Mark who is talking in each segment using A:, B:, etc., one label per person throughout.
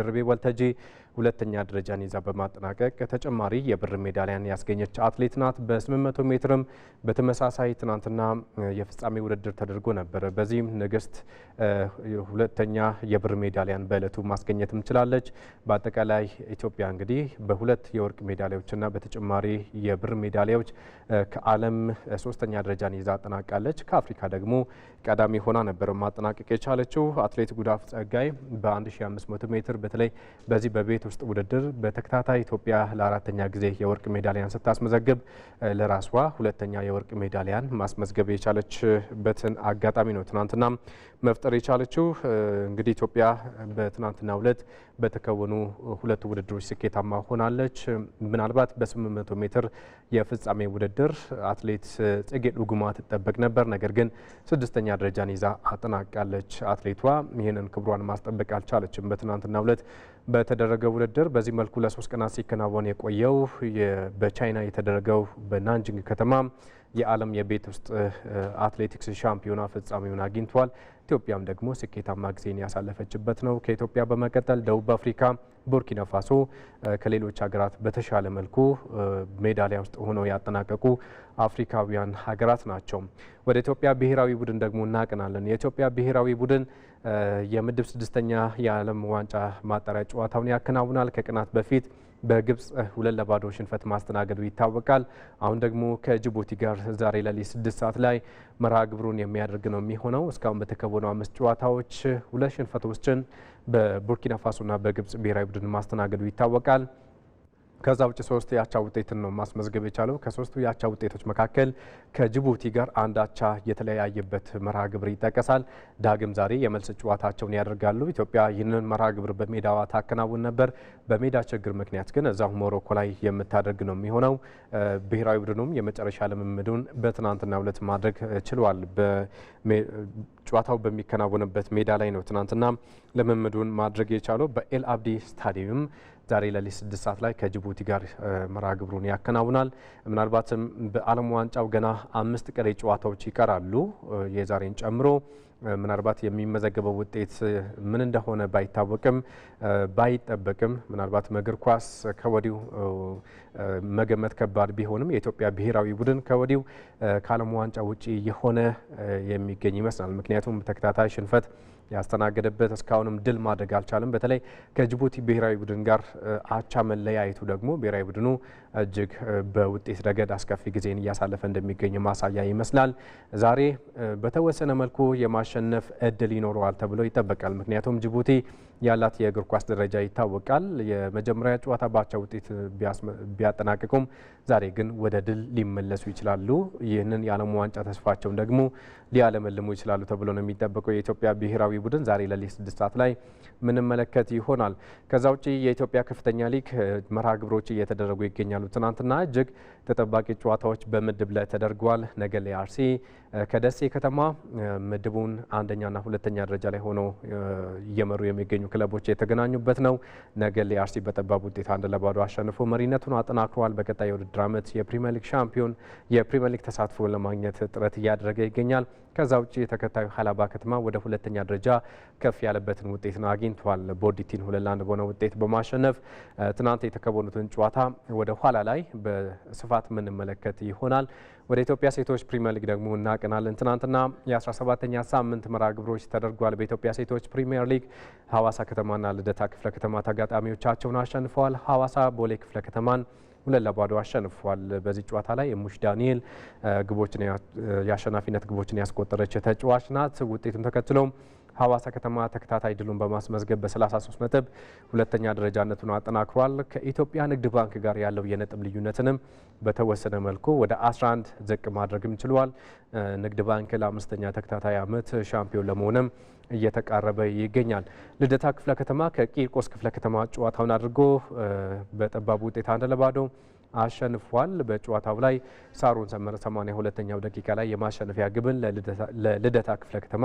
A: الدربي والتجي ሁለተኛ ደረጃን ይዛ በማጠናቀቅ ተጨማሪ የብር ሜዳሊያን ያስገኘች አትሌት ናት። በ800 ሜትርም በተመሳሳይ ትናንትና የፍጻሜ ውድድር ተደርጎ ነበረ በዚህም ንግስት ሁለተኛ የብር ሜዳሊያን በእለቱ ማስገኘትም ችላለች። በአጠቃላይ ኢትዮጵያ እንግዲህ በሁለት የወርቅ ሜዳሊያዎችና በተጨማሪ የብር ሜዳሊያዎች ከዓለም ሶስተኛ ደረጃን ይዛ አጠናቃለች። ከአፍሪካ ደግሞ ቀዳሚ ሆና ነበር ማጠናቀቅ የቻለችው። አትሌት ጉዳፍ ጸጋይ በ1500 ሜትር በተለይ በዚህ በቤት በቤት ውስጥ ውድድር በተከታታይ ኢትዮጵያ ለአራተኛ ጊዜ የወርቅ ሜዳሊያን ስታስመዘግብ ለራሷ ሁለተኛ የወርቅ ሜዳሊያን ማስመዝገብ የቻለችበትን አጋጣሚ ነው ትናንትና መፍጠር የቻለችው። እንግዲህ ኢትዮጵያ በትናንትናው ዕለት በተከወኑ ሁለት ውድድሮች ስኬታማ ሆናለች። ምናልባት በ800 ሜትር የፍጻሜ ውድድር አትሌት ጽጌ ዱጉማ ትጠበቅ ነበር። ነገር ግን ስድስተኛ ደረጃን ይዛ አጠናቃለች። አትሌቷ ይህንን ክብሯን ማስጠበቅ አልቻለችም በትናንትናው ዕለት በተደረገ ውድድር በዚህ መልኩ ለሶስት ቀናት ሲከናወን የቆየው በቻይና የተደረገው በናንጅንግ ከተማ የዓለም የቤት ውስጥ አትሌቲክስ ሻምፒዮና ፍጻሜውን አግኝቷል። ኢትዮጵያም ደግሞ ስኬታማ ጊዜን ያሳለፈችበት ነው። ከኢትዮጵያ በመቀጠል ደቡብ አፍሪካ፣ ቡርኪና ፋሶ ከሌሎች ሀገራት በተሻለ መልኩ ሜዳሊያ ውስጥ ሆነው ያጠናቀቁ አፍሪካውያን ሀገራት ናቸው። ወደ ኢትዮጵያ ብሔራዊ ቡድን ደግሞ እናቅናለን። የኢትዮጵያ ብሔራዊ ቡድን የምድብ ስድስተኛ የዓለም ዋንጫ ማጣሪያ ጨዋታውን ያከናውናል። ከቅናት በፊት በግብፅ ሁለት ለባዶ ሽንፈት ማስተናገዱ ይታወቃል። አሁን ደግሞ ከጅቡቲ ጋር ዛሬ ሌሊት ስድስት ሰዓት ላይ መርሃ ግብሩን የሚያደርግ ነው የሚሆነው። እስካሁን በተከወኑ አምስት ጨዋታዎች ሁለት ሽንፈቶችን በቡርኪና ፋሶና በግብፅ ብሔራዊ ቡድን ማስተናገዱ ይታወቃል። ከዛ ውጭ ሶስት የአቻ ውጤትን ነው ማስመዝገብ የቻለው። ከሶስቱ የአቻ ውጤቶች መካከል ከጅቡቲ ጋር አንድ አቻ የተለያየበት መርሃ ግብር ይጠቀሳል። ዳግም ዛሬ የመልስ ጨዋታቸውን ያደርጋሉ። ኢትዮጵያ ይህንን መርሃ ግብር በሜዳዋ ታከናውን ነበር። በሜዳ ችግር ምክንያት ግን እዛው ሞሮኮ ላይ የምታደርግ ነው የሚሆነው። ብሔራዊ ቡድኑም የመጨረሻ ልምምዱን በትናንትና ሁለት ማድረግ ችሏል። ጨዋታው በሚከናወንበት ሜዳ ላይ ነው ትናንትና ልምምዱን ማድረግ የቻለው በኤል አብዲ ስታዲየም ዛሬ ለሊት ስድስት ሰዓት ላይ ከጅቡቲ ጋር መርሃ ግብሩን ያከናውናል። ምናልባትም በዓለም ዋንጫው ገና አምስት ቀሪ ጨዋታዎች ይቀራሉ የዛሬን ጨምሮ ምናልባት የሚመዘገበው ውጤት ምን እንደሆነ ባይታወቅም ባይጠበቅም ምናልባት እግር ኳስ ከወዲሁ መገመት ከባድ ቢሆንም የኢትዮጵያ ብሔራዊ ቡድን ከወዲሁ ከዓለም ዋንጫ ውጪ የሆነ የሚገኝ ይመስላል። ምክንያቱም ተከታታይ ሽንፈት ያስተናገደበት እስካሁንም ድል ማድረግ አልቻለም። በተለይ ከጅቡቲ ብሔራዊ ቡድን ጋር አቻ መለያየቱ ደግሞ ብሔራዊ ቡድኑ እጅግ በውጤት ረገድ አስከፊ ጊዜን እያሳለፈ እንደሚገኝ ማሳያ ይመስላል። ዛሬ በተወሰነ መልኩ የማሸነፍ እድል ይኖረዋል ተብሎ ይጠበቃል። ምክንያቱም ጅቡቲ ያላት የእግር ኳስ ደረጃ ይታወቃል። የመጀመሪያ ጨዋታ ባቻ ውጤት ቢያጠናቅቁም ዛሬ ግን ወደ ድል ሊመለሱ ይችላሉ። ይህንን የዓለም ዋንጫ ተስፋቸውን ደግሞ ሊያለመልሙ ይችላሉ ተብሎ ነው የሚጠበቀው። የኢትዮጵያ ብሔራዊ ቡድን ዛሬ ለሊት ስድስት ሰዓት ላይ ምንመለከት ይሆናል። ከዛ ውጭ የኢትዮጵያ ከፍተኛ ሊግ መርሃ ግብሮች እየተደረጉ ይገኛሉ። ትናንትና እጅግ ተጠባቂ ጨዋታዎች በምድብ ላይ ተደርገዋል። ነገ ላይ አርሲ ከደሴ ከተማ ምድቡን አንደኛና ሁለተኛ ደረጃ ላይ ሆኖ እየመሩ የሚገኙ ክለቦች የተገናኙበት ነው። ነገሌ አርሲ በጠባብ ውጤት አንድ ለባዶ አሸንፎ መሪነቱን አጠናክሯል። በቀጣይ የውድድር ዓመት የፕሪሚየር ሊግ ሻምፒዮን የፕሪሚየር ሊግ ተሳትፎ ለማግኘት ጥረት እያደረገ ይገኛል። ከዛ ውጭ የተከታዩ ሀላባ ከተማ ወደ ሁለተኛ ደረጃ ከፍ ያለበትን ውጤት ነው አግኝተዋል። ቦዲቲን ሁለት ለአንድ በሆነ ውጤት በማሸነፍ ትናንት የተከወኑትን ጨዋታ ወደ ኋላ ላይ በስፋት የምንመለከት ይሆናል። ወደ ኢትዮጵያ ሴቶች ፕሪሚየር ሊግ ደግሞ እናቀናለን። ትናንትና የ17ኛ ሳምንት መርሃ ግብሮች ተደርጓል። በኢትዮጵያ ሴቶች ፕሪሚየር ሊግ ሀዋሳ ከተማና ልደታ ክፍለ ከተማ ተጋጣሚዎቻቸውን አሸንፈዋል። ሀዋሳ ቦሌ ክፍለ ከተማን ሁለት ለባዶ አሸንፏል። በዚህ ጨዋታ ላይ የሙሽ ዳንኤል ግቦችን የአሸናፊነት ግቦችን ያስቆጠረች ተጫዋች ናት። ውጤቱን ተከትሎም ሀዋሳ ከተማ ተከታታይ ድሉን በማስመዝገብ በ33 ነጥብ ሁለተኛ ደረጃነቱን አጠናክሯል። ከኢትዮጵያ ንግድ ባንክ ጋር ያለው የነጥብ ልዩነትንም በተወሰነ መልኩ ወደ 11 ዝቅ ማድረግም ችሏል። ንግድ ባንክ ለአምስተኛ ተከታታይ ዓመት ሻምፒዮን ለመሆንም እየተቃረበ ይገኛል። ልደታ ክፍለ ከተማ ከቂርቆስ ክፍለ ከተማ ጨዋታውን አድርጎ በጠባቡ ውጤት አንድ ለባዶ አሸንፏል። በጨዋታው ላይ ሳሩን ሰመረ 82ኛው ደቂቃ ላይ የማሸነፊያ ግብን ለልደታ ክፍለ ከተማ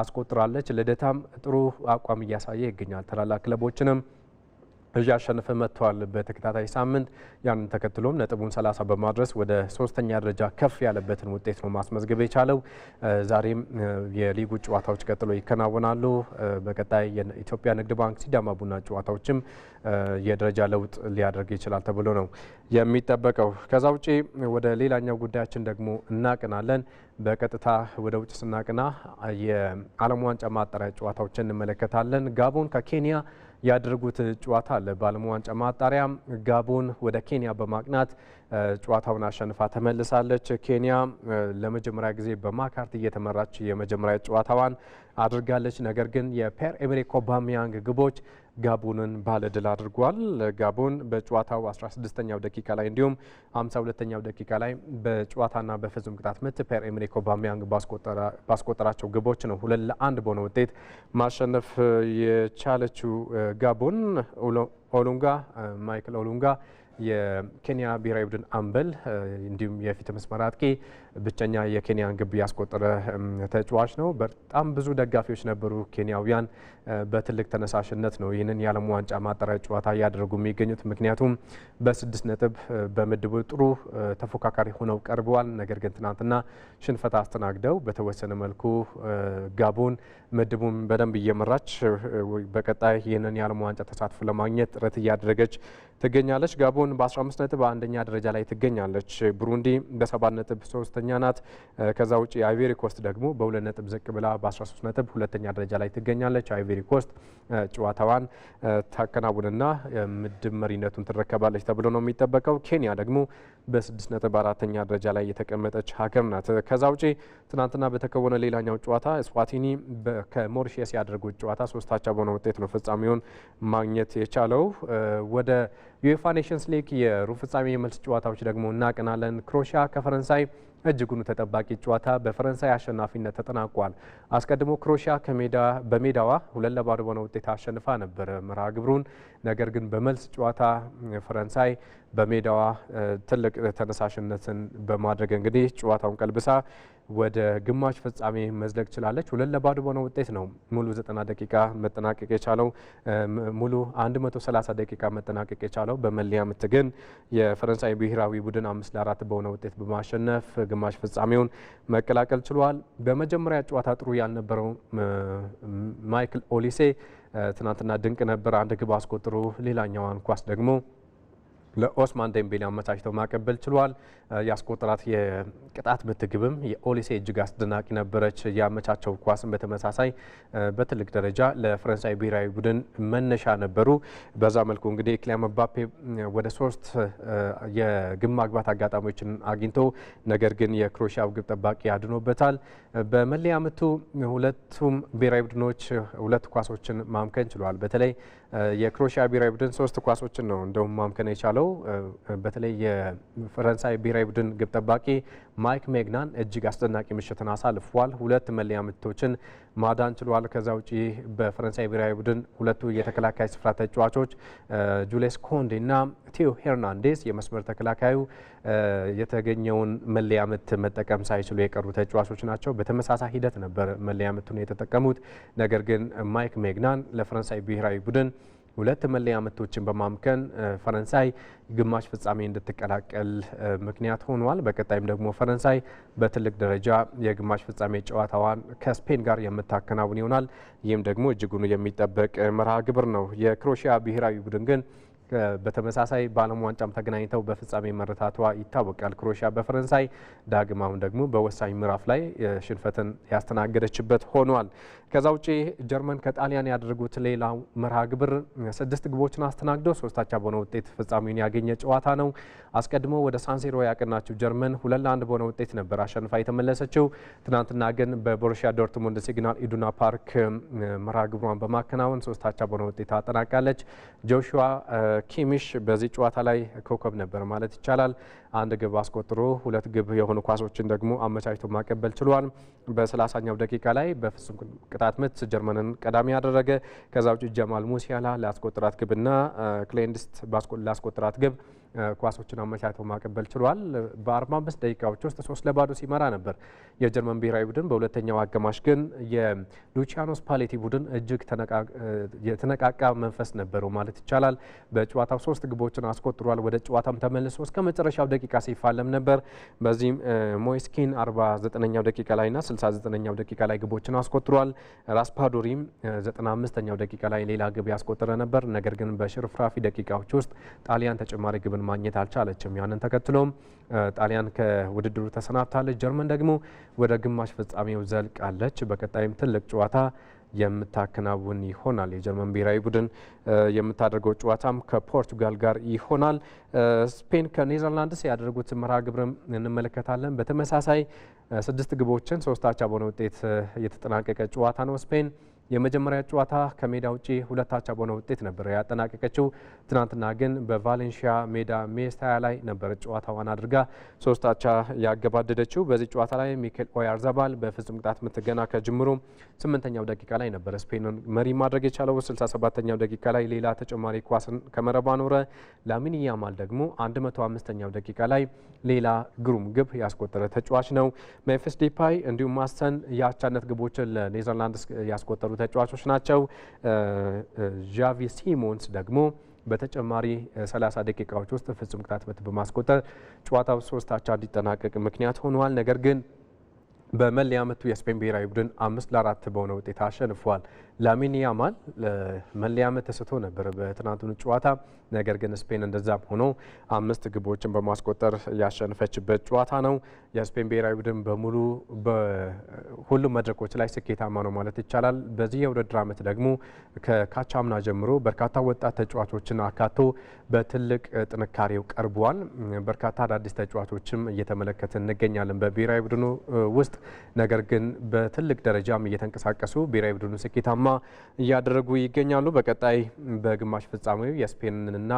A: አስቆጥራለች። ልደታም ጥሩ አቋም እያሳየ ይገኛል። ታላላቅ ክለቦችንም እያሸነፈ መጥተዋል። በተከታታይ ሳምንት ያንን ተከትሎም ነጥቡን 30 በማድረስ ወደ ሶስተኛ ደረጃ ከፍ ያለበትን ውጤት ነው ማስመዝገብ የቻለው። ዛሬም የሊጉ ጨዋታዎች ቀጥሎ ይከናወናሉ። በቀጣይ የኢትዮጵያ ንግድ ባንክ ሲዳማ ቡና ጨዋታዎችም የደረጃ ለውጥ ሊያደርግ ይችላል ተብሎ ነው የሚጠበቀው። ከዛ ውጪ ወደ ሌላኛው ጉዳያችን ደግሞ እናቅናለን። በቀጥታ ወደ ውጭ ስናቅና የዓለም ዋንጫ ማጣሪያ ጨዋታዎችን እንመለከታለን። ጋቦን ከኬንያ ያደረጉት ጨዋታ አለ ለባለሙ ዋንጫ ማጣሪያ ጋቦን ወደ ኬንያ በማቅናት ጨዋታውን አሸንፋ ተመልሳለች። ኬንያ ለመጀመሪያ ጊዜ በማካርት እየተመራች የመጀመሪያ ጨዋታዋን አድርጋለች። ነገር ግን የፔር ኤሜሪክ ኦባሜያንግ ግቦች ጋቦንን ባለድል አድርጓል። ጋቦን በጨዋታው 16ኛው ደቂቃ ላይ እንዲሁም 52ኛው ደቂቃ ላይ በጨዋታና በፍጹም ቅጣት ምት ፒየር ኤምሪክ ኦባሜያንግ ባስቆጠራቸው ግቦች ነው ሁለት ለአንድ በሆነ ውጤት ማሸነፍ የቻለችው ጋቦን። ኦሉንጋ ማይክል ኦሉንጋ የኬንያ ብሔራዊ ቡድን አምበል እንዲሁም የፊት መስመር አጥቂ ብቸኛ የኬንያን ግብ ያስቆጠረ ተጫዋች ነው። በጣም ብዙ ደጋፊዎች ነበሩ። ኬንያውያን በትልቅ ተነሳሽነት ነው ይህንን የዓለም ዋንጫ ማጣሪያ ጨዋታ እያደረጉ የሚገኙት። ምክንያቱም በስድስት ነጥብ በምድቡ ጥሩ ተፎካካሪ ሆነው ቀርበዋል። ነገር ግን ትናንትና ሽንፈት አስተናግደው በተወሰነ መልኩ ጋቦን ምድቡን በደንብ እየመራች በቀጣይ ይህንን የዓለም ዋንጫ ተሳትፎ ለማግኘት ጥረት እያደረገች ትገኛለች። ጋቦን በ15 ነጥብ አንደኛ ደረጃ ላይ ትገኛለች። ብሩንዲ በ7 ነጥብ ሶስተኛ አራተኛ ናት። ከዛ ውጭ አይቬሪ ኮስት ደግሞ በሁለት ነጥብ ዝቅ ብላ በ13 ነጥብ ሁለተኛ ደረጃ ላይ ትገኛለች። አይቬሪ ኮስት ጨዋታዋን ታከናውንና ምድብ መሪነቱን ትረከባለች ተብሎ ነው የሚጠበቀው። ኬንያ ደግሞ በስድስት ነጥብ አራተኛ ደረጃ ላይ የተቀመጠች ሀገር ናት። ከዛ ውጪ ትናንትና በተከወነ ሌላኛው ጨዋታ ስዋቲኒ ከሞሪሽስ ያደረጉት ጨዋታ ሶስታቻ በሆነ ውጤት ነው ፍጻሜውን ማግኘት የቻለው። ወደ ዩኤፋ ኔሽንስ ሊግ የሩብ ፍጻሜ የመልስ ጨዋታዎች ደግሞ እናቀናለን። ክሮኤሽያ ከፈረንሳይ እጅጉን ተጠባቂ ጨዋታ በፈረንሳይ አሸናፊነት ተጠናቋል። አስቀድሞ ክሮሺያ በሜዳዋ ሁለት ለባዶ በሆነ ውጤት አሸንፋ ነበር መርሃ ግብሩን። ነገር ግን በመልስ ጨዋታ ፈረንሳይ በሜዳዋ ትልቅ ተነሳሽነትን በማድረግ እንግዲህ ጨዋታውን ቀልብሳ ወደ ግማሽ ፍጻሜ መዝለቅ ችላለች። ሁለት ለባዶ በሆነ ውጤት ነው ሙሉ 90 ደቂቃ መጠናቀቅ የቻለው ሙሉ 130 ደቂቃ መጠናቀቅ የቻለው። በመለያ ምት ግን የፈረንሳይ ብሔራዊ ቡድን አምስት ለአራት በሆነ ውጤት በማሸነፍ ግማሽ ፍጻሜውን መቀላቀል ችሏል። በመጀመሪያ ጨዋታ ጥሩ ያልነበረው ማይክል ኦሊሴ ትናንትና ድንቅ ነበር። አንድ ግብ አስቆጥሮ ሌላኛዋን ኳስ ደግሞ ለኦስማን ዴምቤሌ አመቻችተው ማቀበል ችሏል። ያስቆጠራት የቅጣት ምት ግብም የኦሊሴ እጅግ አስደናቂ ነበረች። ያመቻቸው ኳስን በተመሳሳይ በትልቅ ደረጃ ለፈረንሳይ ብሔራዊ ቡድን መነሻ ነበሩ። በዛ መልኩ እንግዲህ ኪሊያን መባፔ ወደ ሶስት የግብ ማግባት አጋጣሚዎችን አግኝቶ ነገር ግን የክሮኤሽያው ግብ ጠባቂ አድኖበታል። በመለያ ምቱ ሁለቱም ብሔራዊ ቡድኖች ሁለት ኳሶችን ማምከን ችሏል። በተለይ የክሮኤሽያ ብሔራዊ ቡድን ሶስት ኳሶችን ነው እንደውም ማምከን የቻለው። በተለይ የፈረንሳይ ብሔራዊ ቡድን ግብ ጠባቂ ማይክ ሜግናን እጅግ አስደናቂ ምሽትን አሳልፏል። ሁለት መለያ ምቶችን ማዳን ችሏል። ከዛ ውጪ በፈረንሳይ ብሔራዊ ቡድን ሁለቱ የተከላካይ ስፍራ ተጫዋቾች ጁሌስ እና ቴዮ ሄርናንዴስ የመስመር ተከላካዩ የተገኘውን መለያ ምት መጠቀም ሳይችሉ የቀሩ ተጫዋቾች ናቸው። በተመሳሳይ ሂደት ነበር መለያ ምቱን የተጠቀሙት። ነገር ግን ማይክ ሜግናን ለፈረንሳይ ብሔራዊ ቡድን ሁለት መለያ ምቶችን በማምከን ፈረንሳይ ግማሽ ፍጻሜ እንድትቀላቀል ምክንያት ሆኗል። በቀጣይም ደግሞ ፈረንሳይ በትልቅ ደረጃ የግማሽ ፍጻሜ ጨዋታዋን ከስፔን ጋር የምታከናውን ይሆናል። ይህም ደግሞ እጅጉኑ የሚጠበቅ መርሃ ግብር ነው። የክሮኤሽያ ብሔራዊ ቡድን ግን በተመሳሳይ በዓለም ዋንጫም ተገናኝተው በፍጻሜ መረታቷ ይታወቃል። ክሮኤሽያ በፈረንሳይ አሁን ደግሞ በወሳኝ ምዕራፍ ላይ ሽንፈትን ያስተናገደችበት ሆኗል። ከዛ ውጪ ጀርመን ከጣሊያን ያደረጉት ሌላው መርሃ ግብር ስድስት ግቦችን አስተናግዶ ሶስታቻ በሆነ ውጤት ፍጻሜውን ያገኘ ጨዋታ ነው። አስቀድሞ ወደ ሳንሴሮ ያቀናችው ጀርመን ሁለት ለአንድ በሆነ ውጤት ነበር አሸንፋ የተመለሰችው። ትናንትና ግን በቦሮሺያ ዶርትሙንድ ሲግናል ኢዱና ፓርክ መርሃ ግብሯን በማከናወን ሶስታቻ በሆነ ውጤት አጠናቃለች። ጆሹዋ ኪሚሽ በዚህ ጨዋታ ላይ ኮከብ ነበር ማለት ይቻላል። አንድ ግብ አስቆጥሮ ሁለት ግብ የሆኑ ኳሶችን ደግሞ አመቻችቶ ማቀበል ችሏል። በ30ኛው ደቂቃ ላይ በፍጹም ቅጣት ምት ጀርመንን ቀዳሚ ያደረገ ከዛ ውጭ ጀማል ሙሲያላ ላስቆጥራት ግብና ክሌንድስት ላስቆጥራት ግብ ኳሶችን አመቻቶ ማቀበል ችሏል። በ45 ደቂቃዎች ውስጥ ሶስት ለባዶ ሲመራ ነበር የጀርመን ብሔራዊ ቡድን። በሁለተኛው አጋማሽ ግን የሉቺያኖ ስፓሌቲ ቡድን እጅግ የተነቃቃ መንፈስ ነበረው ማለት ይቻላል። በጨዋታው ሶስት ግቦችን አስቆጥሯል። ወደ ጨዋታም ተመልሶ እስከ መጨረሻው ደቂቃ ሲፋለም ነበር። በዚህም ሞይስኪን 49ኛው ደቂቃ ላይና 69ኛው ደቂቃ ላይ ግቦችን አስቆጥሯል። ራስፓዶሪም 95ኛው ደቂቃ ላይ ሌላ ግብ ያስቆጠረ ነበር። ነገር ግን በሽርፍራፊ ደቂቃዎች ውስጥ ጣሊያን ተጨማሪ ግብን ማግኘት አልቻለችም። ያንን ተከትሎም ጣሊያን ከውድድሩ ተሰናብታለች። ጀርመን ደግሞ ወደ ግማሽ ፍጻሜው ዘልቃለች። በቀጣይም ትልቅ ጨዋታ የምታከናውን ይሆናል። የጀርመን ብሔራዊ ቡድን የምታደርገው ጨዋታም ከፖርቱጋል ጋር ይሆናል። ስፔን ከኔዘርላንድስ ያደረጉት መርሃ ግብርም እንመለከታለን። በተመሳሳይ ስድስት ግቦችን ሶስታቻ በሆነ ውጤት የተጠናቀቀ ጨዋታ ነው ስፔን የመጀመሪያ ጨዋታ ከሜዳ ውጪ ሁለት አቻ በሆነ ውጤት ነበር ያጠናቀቀችው። ትናንትና ግን በቫሌንሺያ ሜዳ ሜስታያ ላይ ነበር ጨዋታዋን አድርጋ ሶስት አቻ ያገባደደችው። በዚህ ጨዋታ ላይ ሚኬል ኦያርዛባል በፍጹም ቅጣት ምት ከጅምሩ ስምንተኛው ደቂቃ ላይ ነበር ስፔንን መሪ ማድረግ የቻለው። 67ኛው ደቂቃ ላይ ሌላ ተጨማሪ ኳስን ከመረብ አኖረ። ላሚን ያማል ደግሞ 105ኛው ደቂቃ ላይ ሌላ ግሩም ግብ ያስቆጠረ ተጫዋች ነው። ሜፊስ ዲፓይ እንዲሁም ማስተን የአቻነት ግቦችን ለኔዘርላንድስ ያስቆጠሩ ተጫዋቾች ናቸው። ዣቪ ሲሞንስ ደግሞ በተጨማሪ 30 ደቂቃዎች ውስጥ ፍጹም ቅጣት ምት በማስቆጠር ጨዋታው ሶስት አቻ እንዲጠናቀቅ ምክንያት ሆነዋል። ነገር ግን በመለያ ምቱ የስፔን ብሔራዊ ቡድን አምስት ለአራት በሆነ ውጤት አሸንፏል። ላሚን ያማል መለያ ምት ተስቶ ነበር በትናንትኑ ጨዋታ። ነገር ግን ስፔን እንደዛም ሆኖ አምስት ግቦችን በማስቆጠር ያሸነፈችበት ጨዋታ ነው። የስፔን ብሔራዊ ቡድን በሙሉ በሁሉም መድረኮች ላይ ስኬታማ ነው ማለት ይቻላል። በዚህ የውድድር ዓመት ደግሞ ከካቻምና ጀምሮ በርካታ ወጣት ተጫዋቾችን አካቶ በትልቅ ጥንካሬው ቀርቧል። በርካታ አዳዲስ ተጫዋቾችም እየተመለከት እንገኛለን በብሔራዊ ቡድኑ ውስጥ ነገር ግን በትልቅ ደረጃም እየተንቀሳቀሱ ብሔራዊ ቡድኑ ስኬታማ እያደረጉ ይገኛሉ። በቀጣይ በግማሽ ፍጻሜው የስፔንንና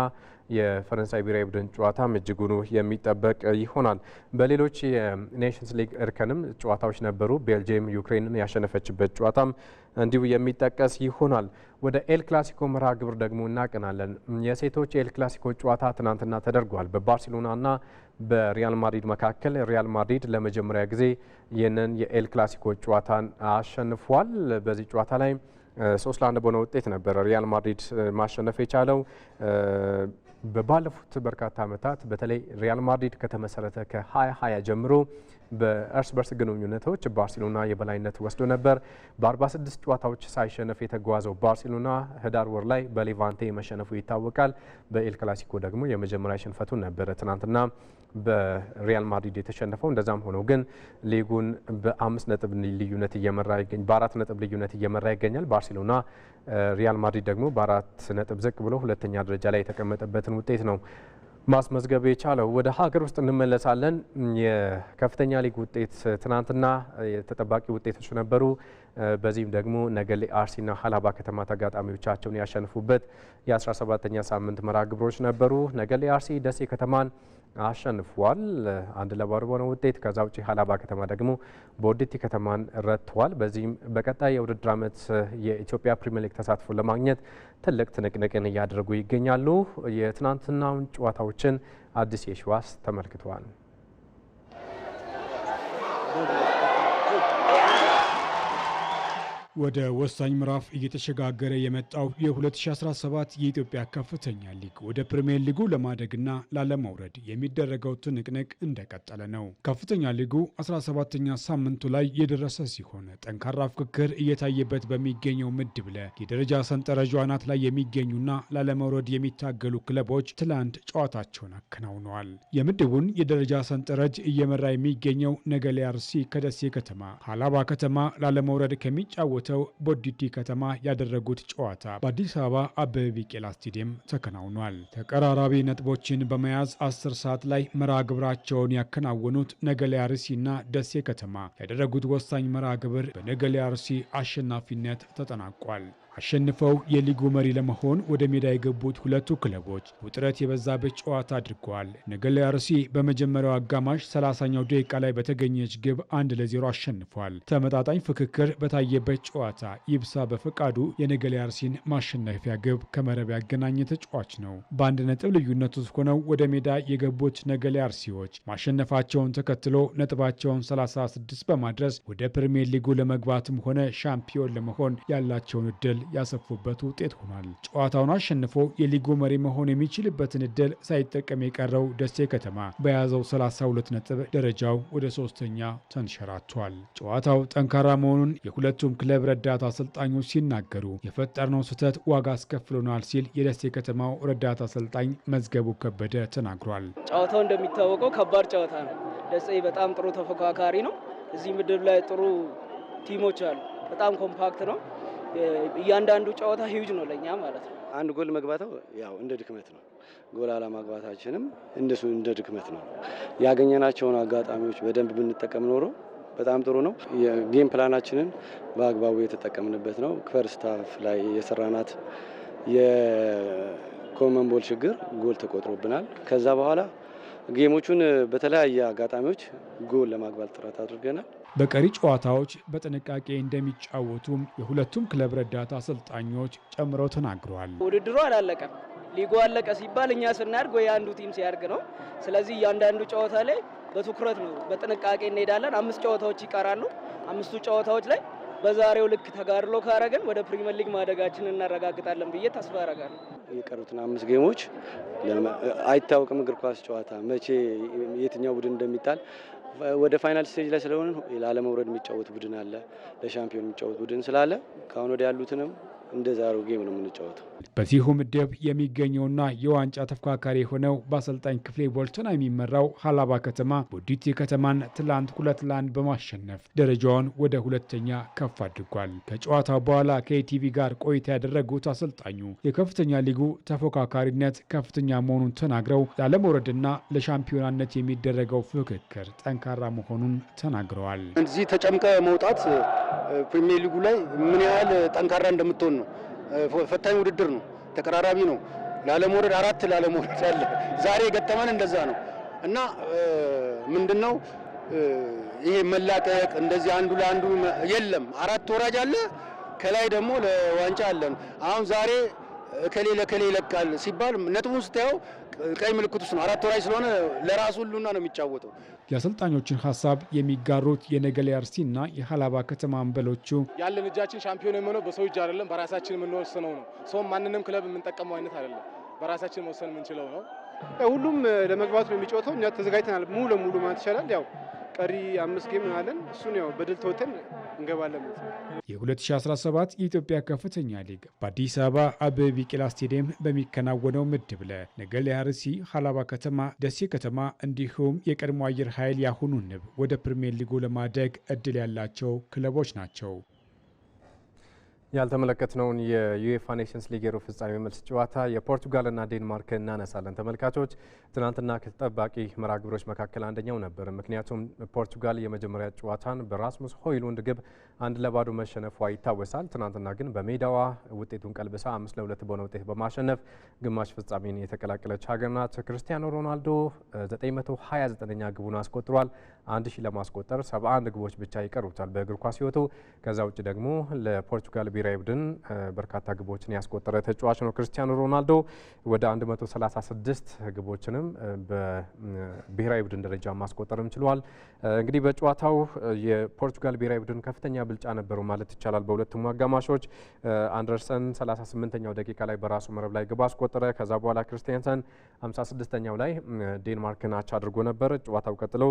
A: የፈረንሳይ ብሔራዊ ቡድን ጨዋታም እጅጉኑ የሚጠበቅ ይሆናል። በሌሎች የኔሽንስ ሊግ እርከንም ጨዋታዎች ነበሩ። ቤልጅየም ዩክሬንን ያሸነፈችበት ጨዋታም እንዲሁ የሚጠቀስ ይሆናል። ወደ ኤል ክላሲኮ መርሃ ግብር ደግሞ እናቀናለን። የሴቶች ኤል ክላሲኮ ጨዋታ ትናንትና ተደርጓል። በባርሴሎናና በሪያል ማድሪድ መካከል ሪያል ማድሪድ ለመጀመሪያ ጊዜ ይህንን የኤል ክላሲኮ ጨዋታን አሸንፏል። በዚህ ጨዋታ ላይ ሶስት ለአንድ በሆነ ውጤት ነበረ ሪያል ማድሪድ ማሸነፍ የቻለው። በባለፉት በርካታ ዓመታት በተለይ ሪያል ማድሪድ ከተመሰረተ ከ2020 ጀምሮ በእርስ በርስ ግንኙነቶች ባርሴሎና የበላይነት ወስዶ ነበር። በ46 ጨዋታዎች ሳይሸነፍ የተጓዘው ባርሴሎና ህዳር ወር ላይ በሌቫንቴ መሸነፉ ይታወቃል። በኤል ክላሲኮ ደግሞ የመጀመሪያ ሽንፈቱን ነበረ ትናንትና በሪያል ማድሪድ የተሸነፈው። እንደዛም ሆኖ ግን ሊጉን በአምስት ነጥብ ልዩነት እየመራ ይገኝ በአራት ነጥብ ልዩነት እየመራ ይገኛል። ባርሴሎና ሪያል ማድሪድ ደግሞ በአራት ነጥብ ዝቅ ብሎ ሁለተኛ ደረጃ ላይ የተቀመጠበትን ውጤት ነው ማስመዝገብ የቻለው። ወደ ሀገር ውስጥ እንመለሳለን። የከፍተኛ ሊግ ውጤት ትናንትና የተጠባቂ ውጤቶች ነበሩ። በዚህም ደግሞ ነገሌ አርሲና ሀላባ ከተማ ተጋጣሚዎቻቸውን ያሸንፉበት የ17ኛ ሳምንት መርሃ ግብሮች ነበሩ። ነገሌ አርሲ ደሴ ከተማን አሸንፏል። አንድ ለባዶ በሆነ ውጤት። ከዛ ውጪ ሀላባ ከተማ ደግሞ ቦዲቲ ከተማን ረትቷል። በዚህም በቀጣይ የውድድር ዓመት የኢትዮጵያ ፕሪሚየር ሊግ ተሳትፎ ለማግኘት ትልቅ ትንቅንቅን እያደረጉ ይገኛሉ። የትናንትናውን ጨዋታዎችን አዲስ የሸዋስ ተመልክተዋል። ወደ ወሳኝ ምዕራፍ እየተሸጋገረ የመጣው የ2017 የኢትዮጵያ ከፍተኛ ሊግ ወደ ፕሪምየር ሊጉ ለማደግና ላለመውረድ የሚደረገው ትንቅንቅ እንደቀጠለ ነው። ከፍተኛ ሊጉ 17ኛ ሳምንቱ ላይ የደረሰ ሲሆን ጠንካራ ፍክክር እየታየበት በሚገኘው ምድብ ለ የደረጃ ሰንጠረዥ አናት ላይ የሚገኙና ላለመውረድ የሚታገሉ ክለቦች ትላንት ጨዋታቸውን አከናውነዋል። የምድቡን የደረጃ ሰንጠረዥ እየመራ የሚገኘው ነገሌ አርሲ ከደሴ ከተማ ሀላባ ከተማ ላለመውረድ ከሚጫወት ተገኝተው ቦዲቲ ከተማ ያደረጉት ጨዋታ በአዲስ አበባ አበበ ቢቄላ ስቴዲየም ተከናውኗል። ተቀራራቢ ነጥቦችን በመያዝ 10 ሰዓት ላይ መርሃ ግብራቸውን ያከናወኑት ነገሌ አርሲና ደሴ ከተማ ያደረጉት ወሳኝ መርሃ ግብር በነገሌ አርሲ አሸናፊነት ተጠናቋል። አሸንፈው የሊጉ መሪ ለመሆን ወደ ሜዳ የገቡት ሁለቱ ክለቦች ውጥረት የበዛበት ጨዋታ አድርገዋል። ነገሌ አርሲ በመጀመሪያው አጋማሽ 30ኛው ደቂቃ ላይ በተገኘች ግብ አንድ ለዜሮ አሸንፏል። ተመጣጣኝ ፍክክር በታየበት ጨዋታ ይብሳ በፈቃዱ የነገሌ አርሲን ማሸነፊያ ግብ ከመረብ ያገናኘ ተጫዋች ነው። በአንድ ነጥብ ልዩነት ውስጥ ሆነው ወደ ሜዳ የገቡት ነገሌ አርሲዎች ማሸነፋቸውን ተከትሎ ነጥባቸውን 36 በማድረስ ወደ ፕሪምየር ሊጉ ለመግባትም ሆነ ሻምፒዮን ለመሆን ያላቸውን እድል ያሰፉበት ውጤት ሆኗል። ጨዋታውን አሸንፎ የሊጉ መሪ መሆን የሚችልበትን እድል ሳይጠቀም የቀረው ደሴ ከተማ በያዘው 32 ነጥብ ደረጃው ወደ ሶስተኛ ተንሸራቷል። ጨዋታው ጠንካራ መሆኑን የሁለቱም ክለብ ረዳት አሰልጣኞች ሲናገሩ የፈጠርነው ስህተት ዋጋ አስከፍሎናል ሲል የደሴ ከተማው ረዳት አሰልጣኝ መዝገቡ ከበደ ተናግሯል። ጨዋታው እንደሚታወቀው ከባድ ጨዋታ ነው። ደሴ በጣም ጥሩ ተፎካካሪ ነው። እዚህ ምድብ ላይ ጥሩ ቲሞች አሉ። በጣም ኮምፓክት ነው። እያንዳንዱ ጨዋታ ሂውጅ ነው ለእኛ ማለት ነው። አንድ ጎል መግባታው ያው እንደ ድክመት ነው። ጎል አለማግባታችንም እንደሱ እንደ ድክመት ነው። ያገኘናቸውን አጋጣሚዎች በደንብ ብንጠቀም ኖሮ በጣም ጥሩ ነው። የጌም ፕላናችንን በአግባቡ የተጠቀምንበት ነው። ፈርስት ላይ የሰራናት የኮመን ቦል ችግር ጎል ተቆጥሮብናል። ከዛ በኋላ ጌሞቹን በተለያየ አጋጣሚዎች ጎል ለማግባት ጥረት አድርገናል። በቀሪ ጨዋታዎች በጥንቃቄ እንደሚጫወቱም የሁለቱም ክለብ ረዳት አሰልጣኞች ጨምረው ተናግረዋል። ውድድሩ አላለቀም። ሊጉ አለቀ ሲባል እኛ ስናድግ ወይ አንዱ ቲም ሲያድግ ነው። ስለዚህ እያንዳንዱ ጨዋታ ላይ በትኩረት ነው፣ በጥንቃቄ እንሄዳለን። አምስት ጨዋታዎች ይቀራሉ። አምስቱ ጨዋታዎች ላይ በዛሬው ልክ ተጋድሎ ካረግን ወደ ፕሪሚየር ሊግ ማደጋችን እናረጋግጣለን ብዬ ተስፋ አረጋለሁ። የቀሩትን አምስት ጌሞች አይታወቅም። እግር ኳስ ጨዋታ መቼ የትኛው ቡድን እንደሚጣል ወደ ፋይናል ስቴጅ ላይ ስለሆነ ለአለመውረድ የሚጫወት ቡድን አለ፣ ለሻምፒዮን የሚጫወት ቡድን ስላለ ከአሁን ወደ ያሉትንም እንደዛ አሮ ጌም ነው የምንጫወተው። በዚሁ ምድብ የሚገኘውና የዋንጫ ተፎካካሪ የሆነው በአሰልጣኝ ክፍሌ ቦልቶና የሚመራው ሀላባ ከተማ ቦዲቲ ከተማን ትላንት ሁለት ለአንድ በማሸነፍ ደረጃውን ወደ ሁለተኛ ከፍ አድርጓል። ከጨዋታው በኋላ ከኢቲቪ ጋር ቆይታ ያደረጉት አሰልጣኙ የከፍተኛ ሊጉ ተፎካካሪነት ከፍተኛ መሆኑን ተናግረው ላለመውረድና ለሻምፒዮናነት የሚደረገው ፍክክር ጠንካራ መሆኑን ተናግረዋል። እዚህ ተጨምቀ መውጣት ፕሪሚየር ሊጉ ላይ ምን ያህል ጠንካራ እንደምትሆን ነው። ፈታኝ ውድድር ነው። ተቀራራቢ ነው። ላለመውረድ አራት ላለመውረድ አለ። ዛሬ የገጠመን እንደዛ ነው እና ምንድነው ይሄ መላቀቅ እንደዚህ አንዱ ለአንዱ የለም። አራት ወራጅ አለ። ከላይ ደግሞ ለዋንጫ አለን። አሁን ዛሬ እከሌ ለከሌ ይለቃል ሲባል ነጥቡን ስታየው ቀይ ምልክት ውስጥ ነው። አራት ወራይ ስለሆነ ለራሱ ሁሉና ነው የሚጫወተው። የአሰልጣኞችን ሀሳብ የሚጋሩት የነገሌ አርሲና የሀላባ ከተማ አንበሎቹ ያለን እጃችን ሻምፒዮን የምንሆነው በሰው እጅ አይደለም፣ በራሳችን የምንወስነው ነው። ሰውም ማንንም ክለብ የምንጠቀመው አይነት አይደለም፣ በራሳችን መወሰን የምንችለው ነው። ሁሉም ለመግባቱ ነው የሚጫወተው። እኛ ተዘጋጅተናል ሙሉ ለሙሉ ማለት ይቻላል ያው ቀሪ አምስት ጌም አለን። እሱን ያው በድል ተወተን እንገባለን። የ2017 የኢትዮጵያ ከፍተኛ ሊግ በአዲስ አበባ አበበ ቢቂላ ስቴዲየም በሚከናወነው ምድብ ለ ነገሌ አርሲ፣ ሀላባ ከተማ፣ ደሴ ከተማ እንዲሁም የቀድሞ አየር ኃይል ያሁኑ ንብ ወደ ፕሪሚየር ሊጉ ለማደግ እድል ያላቸው ክለቦች ናቸው። ያልተመለከትነውን የዩኤፋ ኔሽንስ ሊግ የሩብ ፍጻሜ መልስ ጨዋታ የፖርቱጋልና ዴንማርክ እናነሳለን። ተመልካቾች ትናንትና ከተጠባቂ መርሃ ግብሮች መካከል አንደኛው ነበር። ምክንያቱም ፖርቱጋል የመጀመሪያ ጨዋታን በራስሙስ ሆይሉንድ ግብ አንድ ለባዶ መሸነፏ ይታወሳል። ትናንትና ግን በሜዳዋ ውጤቱን ቀልብሳ አምስት ለሁለት በሆነ ውጤት በማሸነፍ ግማሽ ፍጻሜን የተቀላቀለች ሀገር ናት። ክርስቲያኖ ሮናልዶ 929ኛ ግቡን አስቆጥሯል። አንድ ሺህ ለማስቆጠር 71 ግቦች ብቻ ይቀሩታል በእግር ኳስ ህይወቱ። ከዛ ውጭ ደግሞ ለፖርቱጋል ብሔራዊ ቡድን በርካታ ግቦችን ያስቆጠረ ተጫዋች ነው። ክርስቲያኖ ሮናልዶ ወደ 136 ግቦችንም በብሔራዊ ቡድን ደረጃ ማስቆጠርም ችሏል። እንግዲህ በጨዋታው የፖርቱጋል ብሔራዊ ቡድን ከፍተኛ ብልጫ ነበሩ ማለት ይቻላል። በሁለቱም አጋማሾች አንደርሰን 38ኛው ደቂቃ ላይ በራሱ መረብ ላይ ግብ አስቆጠረ። ከዛ በኋላ ክርስቲያንሰን 56ኛው ላይ ዴንማርክን አቻ አድርጎ ነበር። ጨዋታው ቀጥሎ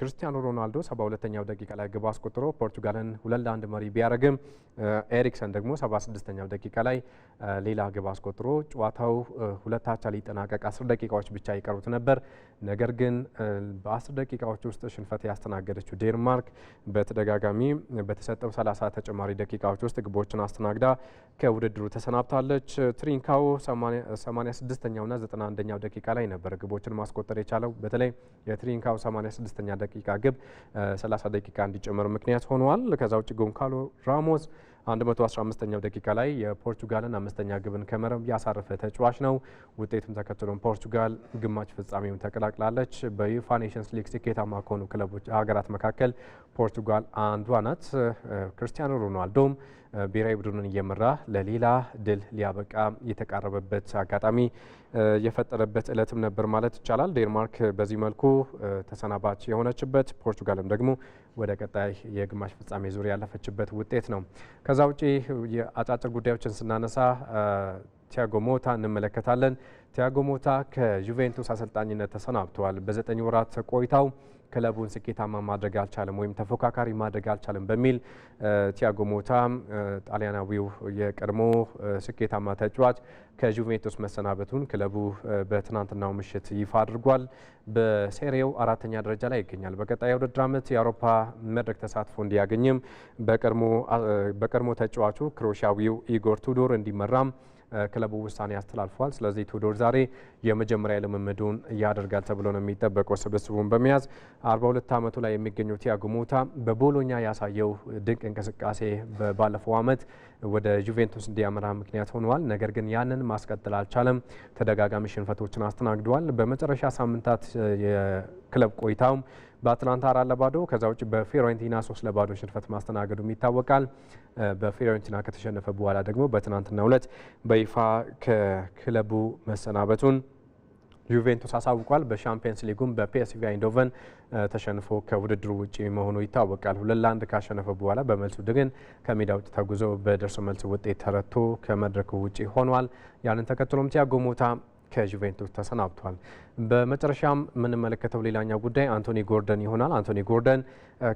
A: ክርስቲያኖ ሮናልዶ 72ኛው ደቂቃ ላይ ግብ አስቆጥሮ ፖርቱጋልን ሁለት ለአንድ መሪ ቢያደርግም ኤሪክ ኤሪክሰን ደግሞ 76ኛው ደቂቃ ላይ ሌላ ግብ አስቆጥሮ ጨዋታው ሁለታቻ አቻ ሊጠናቀቅ 10 ደቂቃዎች ብቻ ይቀሩት ነበር። ነገር ግን በ10 ደቂቃዎች ውስጥ ሽንፈት ያስተናገደችው ዴንማርክ በተደጋጋሚ በተሰጠው 30 ተጨማሪ ደቂቃዎች ውስጥ ግቦችን አስተናግዳ ከውድድሩ ተሰናብታለች። ትሪንካው 86ኛውና 91ኛው ደቂቃ ላይ ነበር ግቦችን ማስቆጠር የቻለው። በተለይ የትሪንካው 86ኛ ደቂቃ ግብ 30 ደቂቃ እንዲጨምር ምክንያት ሆኗል። ከዛ ውጭ ጎንካሎ ራሞስ 115ኛው ደቂቃ ላይ የፖርቱጋልን አምስተኛ ግብን ከመረብ ያሳረፈ ተጫዋች ነው። ውጤቱን ተከትሎም ፖርቱጋል ግማሽ ፍጻሜውን ተቀላቅላለች። በዩፋ ኔሽንስ ሊግ ስኬታማ ከሆኑ ክለቦች ሀገራት መካከል ፖርቱጋል አንዷ ናት። ክርስቲያኖ ሮናልዶም ብሔራዊ ቡድኑን እየመራ ለሌላ ድል ሊያበቃ የተቃረበበት አጋጣሚ የፈጠረበት እለትም ነበር ማለት ይቻላል። ዴንማርክ በዚህ መልኩ ተሰናባች የሆነችበት፣ ፖርቱጋልም ደግሞ ወደ ቀጣይ የግማሽ ፍጻሜ ዙር ያለፈችበት ውጤት ነው። ከዛ ውጪ የአጫጭር ጉዳዮችን ስናነሳ ቲያጎ ሞታ እንመለከታለን። ቲያጎ ሞታ ከዩቬንቱስ አሰልጣኝነት ተሰናብተዋል። በዘጠኝ ወራት ቆይታው ክለቡን ስኬታማ ማድረግ አልቻለም ወይም ተፎካካሪ ማድረግ አልቻለም በሚል ቲያጎ ሞታ ጣሊያናዊው የቀድሞ ስኬታማ ተጫዋች ከጁቬንቱስ መሰናበቱን ክለቡ በትናንትናው ምሽት ይፋ አድርጓል። በሴሬው አራተኛ ደረጃ ላይ ይገኛል። በቀጣይ ውድድር ዓመት የአውሮፓ መድረክ ተሳትፎ እንዲያገኝም በቀድሞ ተጫዋቹ ክሮሻዊው ኢጎር ቱዶር እንዲመራም ክለቡ ውሳኔ አስተላልፏል። ስለዚህ ቱዶር ዛሬ የመጀመሪያ ልምምዱን ያደርጋል ተብሎ ነው የሚጠበቀው። ስብስቡን በመያዝ 42 ዓመቱ ላይ የሚገኘው ቲያጎ ሞታ በቦሎኛ ያሳየው ድንቅ እንቅስቃሴ ባለፈው ዓመት ወደ ጁቬንቱስ እንዲያመራ ምክንያት ሆኗል። ነገር ግን ያንን ማስቀጠል አልቻለም። ተደጋጋሚ ሽንፈቶችን አስተናግደዋል። በመጨረሻ ሳምንታት የክለብ ቆይታውም በአትላንታ አራት ለባዶ ከዛ ውጭ በፊዮረንቲና ሶስት ለባዶ ሽንፈት ማስተናገዱም ይታወቃል። በፊዮረንቲና ከተሸነፈ በኋላ ደግሞ በትናንትናው ዕለት በይፋ ከክለቡ መሰናበቱን ዩቬንቱስ አሳውቋል። በሻምፒየንስ ሊጉም በፒኤስቪ አይንዶቨን ተሸንፎ ከውድድሩ ውጪ መሆኑ ይታወቃል። ሁለት ለአንድ ካሸነፈ በኋላ በመልሱ ድግን ከሜዳ ውጭ ተጉዞ በደርሶ መልስ ውጤት ተረቶ ከመድረኩ ውጪ ሆኗል። ያንን ተከትሎም ቲያጎ ሞታ ከዩቬንቱስ ተሰናብቷል። በመጨረሻም የምንመለከተው ሌላኛው ጉዳይ አንቶኒ ጎርደን ይሆናል። አንቶኒ ጎርደን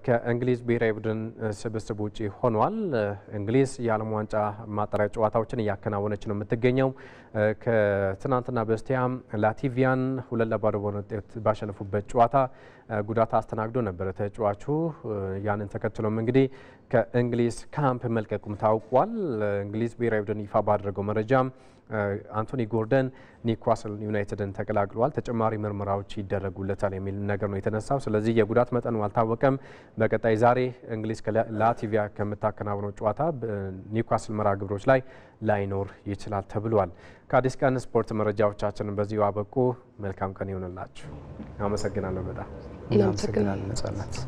A: ከእንግሊዝ ብሔራዊ ቡድን ስብስብ ውጪ ሆኗል። እንግሊዝ የዓለም ዋንጫ ማጣሪያ ጨዋታዎችን እያከናወነች ነው የምትገኘው። ከትናንትና በስቲያም ላቲቪያን ሁለት ለባዶ በሆነ ውጤት ባሸነፉበት ጨዋታ ጉዳት አስተናግዶ ነበረ ተጫዋቹ። ያንን ተከትሎም እንግዲህ ከእንግሊዝ ካምፕ መልቀቁም ታውቋል። እንግሊዝ ብሔራዊ ቡድን ይፋ ባደረገው መረጃም አንቶኒ ጎርደን ኒውካስል ዩናይትድን ተቀላቅሏል። ተጨማሪ ምርመራዎች ይደረጉለታል የሚል ነገር ነው የተነሳው። ስለዚህ የጉዳት መጠኑ አልታወቀም። በቀጣይ ዛሬ እንግሊዝ ከላቲቪያ ከምታከናውነው ጨዋታ ኒውካስል መርሃ ግብሮች ላይ ላይኖር ይችላል ተብሏል። ከአዲስ ቀን ስፖርት መረጃዎቻችንን በዚሁ አበቁ። መልካም ቀን ይሆንላችሁ። አመሰግናለሁ። በጣም እናመሰግናለን ነጻነት